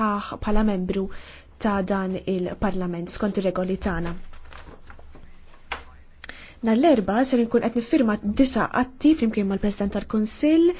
ħaħ pala membru ta' dan il-parlament skont ir-regoli tagħna. Nar l-erba ser nkun qed niffirma disa atti flimkien mal-President tal-Kunsill